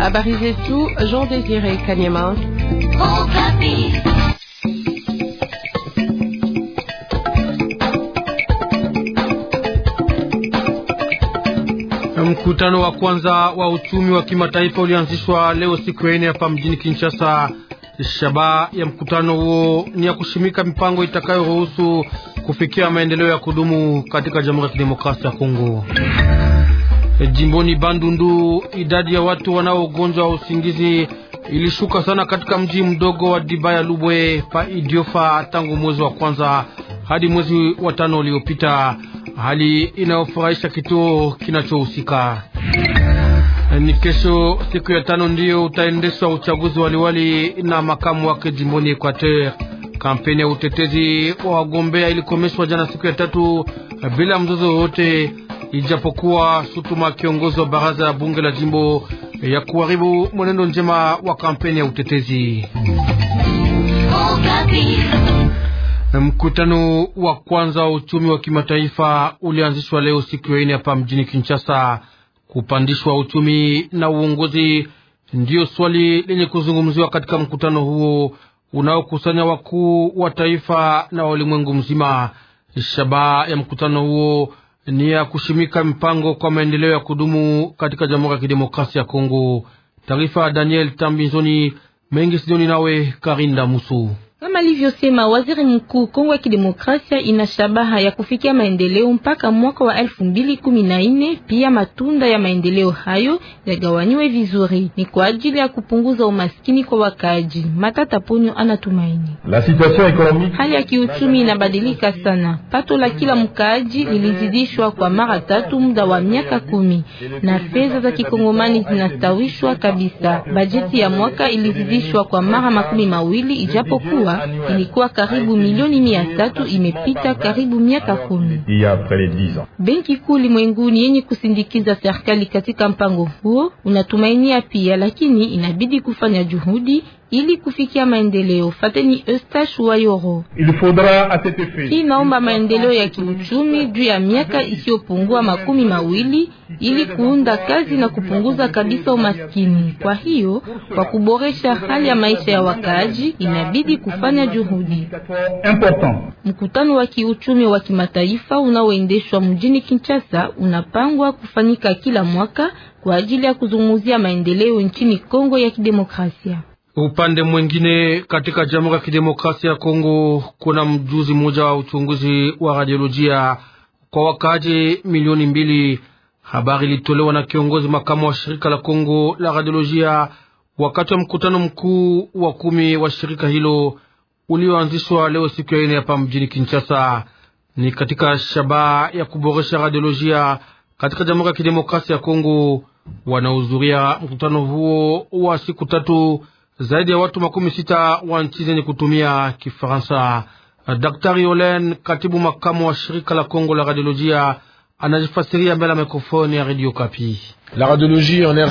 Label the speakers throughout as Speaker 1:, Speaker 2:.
Speaker 1: Habari zetu Jean Désiré Kanyema.
Speaker 2: Mkutano wa kwanza wa uchumi wa kimataifa ulianzishwa leo siku ya ine hapa mjini Kinshasa. Shabaha ya mkutano huo ni ya kushimika mipango itakayoruhusu kufikia maendeleo ya kudumu katika Jamhuri ya Kidemokrasia ya Kongo. Eh, jimboni Bandundu, idadi ya watu wanaogonjwa usingizi ilishuka sana katika mji mdogo wa Dibaya Lubwe pa Idiofa tangu mwezi wa kwanza hadi mwezi wa tano uliopita, hali inayofurahisha kituo kinachohusika. Eh, ni kesho siku ya tano ndiyo utaendeshwa uchaguzi wa liwali na makamu wake jimboni Equateur. Kampeni ya utetezi wa wagombea ilikomeshwa jana siku ya tatu eh, bila mzozo wowote ijapokuwa shutuma kiongozi wa baraza ya bunge la jimbo ya kuharibu mwenendo njema wa kampeni ya utetezi. Mkutano wa kwanza wa uchumi wa kimataifa ulianzishwa leo siku ya ine hapa mjini Kinshasa. Kupandishwa uchumi na uongozi ndiyo swali lenye kuzungumziwa katika mkutano huo unaokusanya wakuu wa taifa na walimwengu mzima. Shabaha ya mkutano huo ni ya kushimika mpango kwa maendeleo ya kudumu katika Jamhuri ya Kidemokrasia ya Kongo. Taarifa Daniel Tambizoni mengi Sidoni nawe Karinda Musu.
Speaker 3: Kama alivyosema waziri mkuu, Kongo ya Kidemokrasia ina shabaha ya kufikia maendeleo mpaka mwaka wa 2014. Pia matunda ya maendeleo hayo yagawanywe vizuri, ni kwa ajili ya kupunguza umaskini kwa wakaaji. Matata Ponyo anatumaini hali ya kiuchumi inabadilika sana. Pato la kila mkaaji lilizidishwa kwa mara tatu muda wa miaka kumi, na fedha za kikongomani zinastawishwa kabisa. Bajeti ya mwaka ilizidishwa kwa mara makumi mawili ijapokuwa mvua ilikuwa karibu milioni mia tatu imepita karibu miaka kumi. Benki Kuu limwenguni yenye kusindikiza serikali katika mpango huo unatumainia pia, lakini inabidi kufanya juhudi ili kufikia maendeleo. Fateni Eustache Wayoro. Inaomba maendeleo ya kiuchumi juu ya miaka isiyopungua makumi mawili ili kuunda kazi na kupunguza kabisa umaskini. Kwa hiyo, kwa kuboresha hali ya maisha ya wakaaji, inabidi kufanya juhudi. Mkutano wa kiuchumi wa kimataifa unaoendeshwa mjini Kinshasa unapangwa kufanyika kila mwaka kwa ajili ya kuzungumzia maendeleo nchini Kongo ya Kidemokrasia.
Speaker 2: Upande mwingine, katika Jamhuri ya Kidemokrasia ya Kongo kuna mjuzi mmoja wa uchunguzi wa radiolojia kwa wakaaji milioni mbili. Habari ilitolewa na kiongozi makamu wa shirika la Kongo la radiolojia wakati wa mkutano mkuu wa kumi wa shirika hilo ulioanzishwa leo siku ya ine hapa mjini Kinshasa. Ni katika shabaha ya kuboresha radiolojia katika Jamhuri ya Kidemokrasia ya Kongo. Wanahudhuria mkutano huo wa siku tatu zaidi ya watu makumi sita wa nchi zenye kutumia Kifaransa. Daktari Olen, katibu makamu wa shirika la Kongo la radiolojia anajifasiria mbele ya mikrofoni ya Radio Kapi. La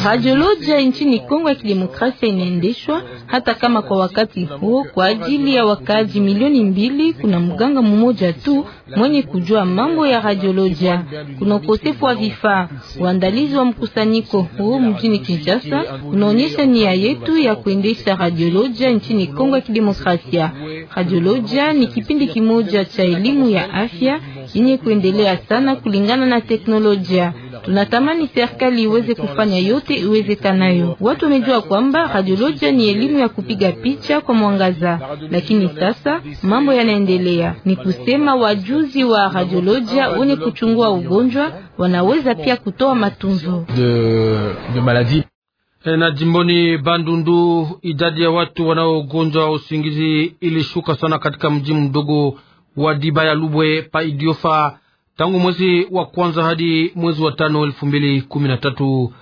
Speaker 3: radiolojia nchini Kongo ya Kidemokrasia inaendeshwa hata kama kwa wakati huo kwa ajili ya wakaaji milioni mbili kuna mganga mmoja tu mwenye kujua mambo ya radiolojia. Kuna ukosefu wa vifaa. Uandalizi wa mkusanyiko huu mjini Kinshasa unaonyesha nia yetu ya kuendesha radiolojia nchini Kongo ya Kidemokrasia. Radiolojia ni kipindi kimoja cha elimu ya afya yenye kuendelea sana kulingana na teknolojia. Tunatamani serikali iweze kufanya yote iwezekanayo. Watu wamejua kwamba radiolojia ni elimu ya kupiga picha kwa mwangaza, lakini sasa mambo yanaendelea, ni kusema wajuzi wa radiolojia wenye kuchungua ugonjwa wanaweza pia kutoa matunzo
Speaker 2: de, de e, na jimboni Bandundu idadi ya watu wanaogonjwa usingizi ilishuka sana katika mji mdogo wa ya Lubwe pa Idiofa tangu mwezi wa kwanza hadi mwezi wa tano elfu mbili kumi na tatu.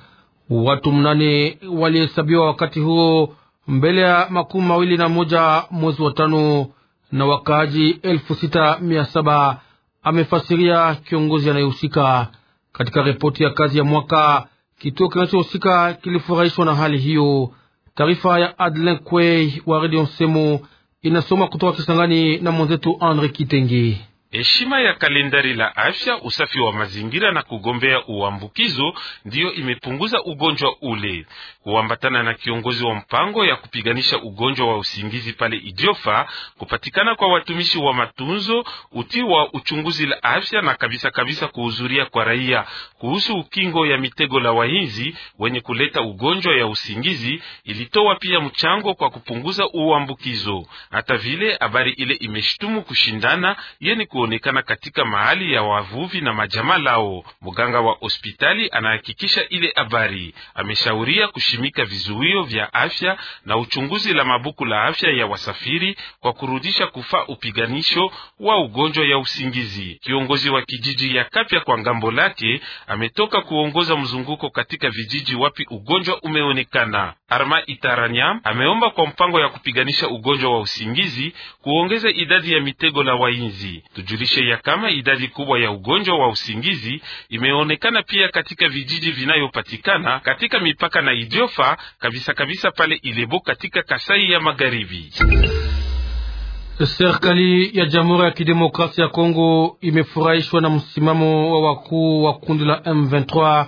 Speaker 2: Watu mnane walihesabiwa wakati huo mbele ya makumi mawili na moja mwezi wa tano na wakaaji elfu sita mia saba amefasiria kiongozi anayehusika katika ripoti ya kazi ya mwaka. Kituo kinachohusika kilifurahishwa na hali hiyo. Taarifa ya Adlin Kwey wa redio Nsemo inasoma kutoka Kisangani na mwenzetu Andre Kitenge.
Speaker 4: Heshima ya kalendari la afya, usafi wa mazingira na kugombea uambukizo ndiyo imepunguza ugonjwa ule. Kuambatana na kiongozi wa mpango ya kupiganisha ugonjwa wa usingizi pale Idiofa, kupatikana kwa watumishi wa matunzo, utii wa uchunguzi la afya na kabisa kabisa kuhudhuria kwa raia kuhusu ukingo ya mitego la wahinzi wenye kuleta ugonjwa ya usingizi ilitoa pia mchango kwa kupunguza uambukizo. Hata vile habari ile imeshtumu kushindana yeni kuonekana katika mahali ya wavuvi na majamaa lao. Mganga wa hospitali anahakikisha ile habari, ameshauria kushimika vizuio vya afya na uchunguzi la mabuku la afya ya wasafiri kwa kurudisha kufaa upiganisho wa ugonjwa ya usingizi. Kiongozi wa kijiji ya Kapya kwa ngambo lake ametoka kuongoza mzunguko katika vijiji wapi ugonjwa umeonekana. Arma Itaranya ameomba kwa mpango ya kupiganisha ugonjwa wa usingizi kuongeza idadi ya mitego la wainzi tujulishe ya kama idadi kubwa ya ugonjwa wa usingizi imeonekana pia katika vijiji vinayopatikana katika mipaka na Idiofa kabisa kabisa pale Ilebo katika Kasai ya Magharibi.
Speaker 2: Serikali ya Jamhuri ya Kidemokrasia ya Kongo imefurahishwa na msimamo wa wakuu wa kundi la M23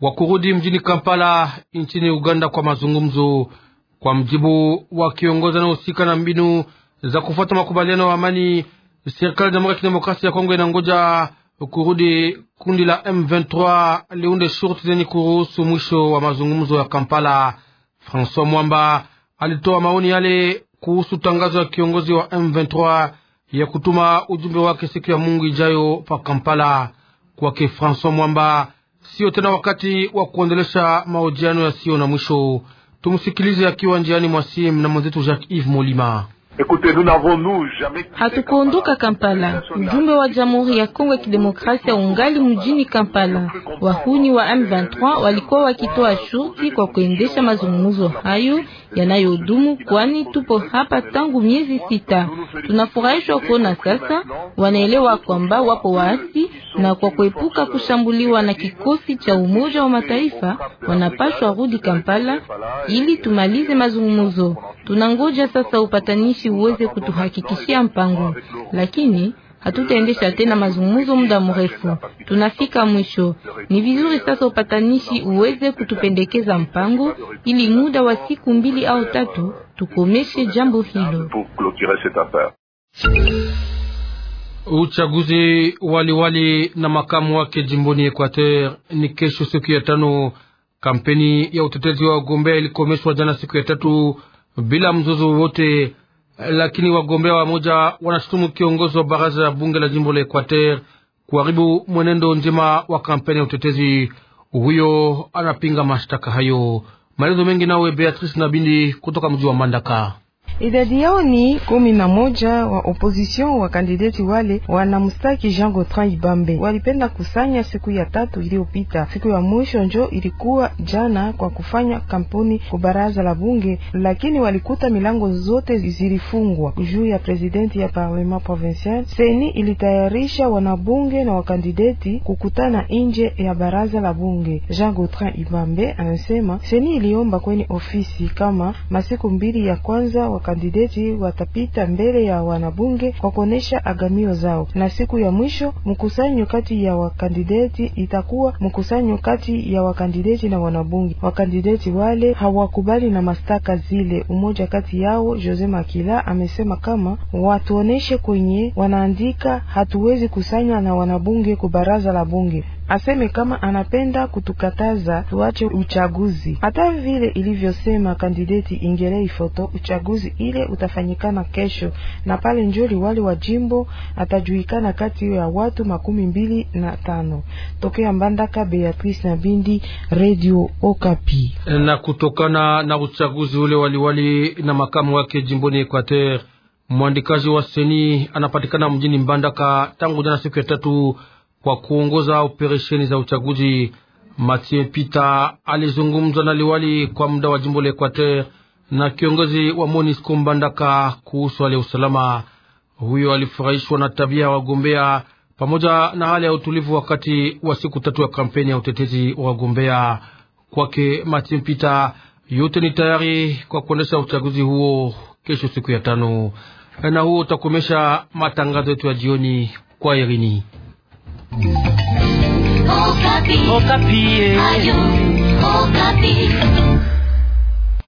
Speaker 2: wa kurudi mjini Kampala nchini Uganda kwa mazungumzo, kwa mjibu wa kiongozi na mbinu za kufuata makubaliano ya amani. Serikali ya Jamhuri ya Kidemokrasia ya Kongo inangoja kurudi kundi la M23 liunde shurti zenye kuruhusu mwisho wa mazungumzo ya Kampala. François Mwamba alitoa maoni yale kuhusu tangazo ya kiongozi wa M23 ya kutuma ujumbe wake siku ya Mungu ijayo pa Kampala. Kwake François Mwamba, sio tena wakati wa kuendelesha mahojiano yasiyo na mwisho. Tumsikilize akiwa njiani mwa simu na mwenzetu Jacques Yves Molima.
Speaker 3: Hatukuondoka Kampala. Mjumbe wa Jamhuri ya Kongo ya Kidemokrasia ungali mjini Kampala. Wahuni wa M23 walikuwa wakitoa shurti kwa kuendesha mazungumzo hayo yanayodumu, kwani tupo hapa tangu miezi sita. Tunafurahishwa kuona sasa wanaelewa kwamba wapo waasi, na kwa kuepuka kushambuliwa na kikosi cha Umoja wa Mataifa wanapashwa rudi Kampala ili tumalize mazungumzo. Tunangoja sasa upatanishi sisi uweze kutuhakikishia mpango, lakini hatutaendesha tena mazungumzo muda mrefu, tunafika mwisho. Ni vizuri sasa upatanishi uweze kutupendekeza mpango, ili muda wa siku mbili au tatu tukomeshe jambo hilo.
Speaker 2: Uchaguzi waliwali na makamu wake jimboni Equateur ni kesho, siku ya tano. Kampeni ya utetezi wa ugombea ilikomeshwa jana siku ya tatu bila mzozo wowote lakini wagombea wamoja wanashutumu kiongozi wa baraza la bunge la jimbo la Equateur kuharibu mwenendo njema wa kampeni ya utetezi. Huyo anapinga mashtaka hayo. Maelezo mengi nawe Beatrice Nabindi kutoka mji wa Mandaka.
Speaker 1: Idadi yao ni kumi na moja. Wa opposition wa kandideti wale wanamstaki Jean Gotran Ibambe walipenda kusanya siku ya tatu iliyopita. Siku ya mwisho njo ilikuwa jana kwa kufanya kampuni ku baraza la bunge, lakini walikuta milango zote zilifungwa juu ya presidenti ya parlement provincial. Seni ilitayarisha wanabunge na wakandideti kukutana nje ya baraza la bunge. Jean Gotran Ibambe anasema Seni iliomba kwenye ofisi kama masiku mbili ya kwanza waka wakandideti watapita mbele ya wanabunge kwa kuonesha agamio zao, na siku ya mwisho mkusanyo kati ya wakandideti itakuwa mkusanyo kati ya wakandideti na wanabunge. Wakandideti wale hawakubali na mastaka zile. Umoja kati yao Jose Makila amesema kama watuoneshe kwenye wanaandika, hatuwezi kusanya na wanabunge ku baraza la bunge aseme kama anapenda kutukataza tuache uchaguzi, hata vile ilivyosema kandideti Ingelei Foto. Uchaguzi ile utafanyikana kesho na pale Njoli, wale wa jimbo atajuikana kati ya watu makumi mbili na tano tokea Mbandaka. Beatrice na Bindi, Radio Okapi.
Speaker 2: Na kutokana na uchaguzi ule waliwali wali na makamu wake jimboni Equateur, mwandikaji wa seni anapatikana mjini Mbandaka tangu jana siku ya tatu kwa kuongoza operesheni za uchaguzi. Mathieu Pita alizungumza na liwali kwa muda wa jimbo la Equateur na kiongozi wa Monisco Mbandaka kuhusu hali ya usalama. Huyo alifurahishwa na tabia ya wagombea pamoja na hali ya utulivu wakati wa siku tatu ya kampeni ya utetezi wa wagombea. Kwake Mathieu Pita, yote ni tayari kwa kuendesha uchaguzi huo kesho siku ya tano. Na huo utakomesha matangazo yetu ya jioni kwa Irini.
Speaker 3: Okapi. Okapi. Eh. Ayu, Okapi.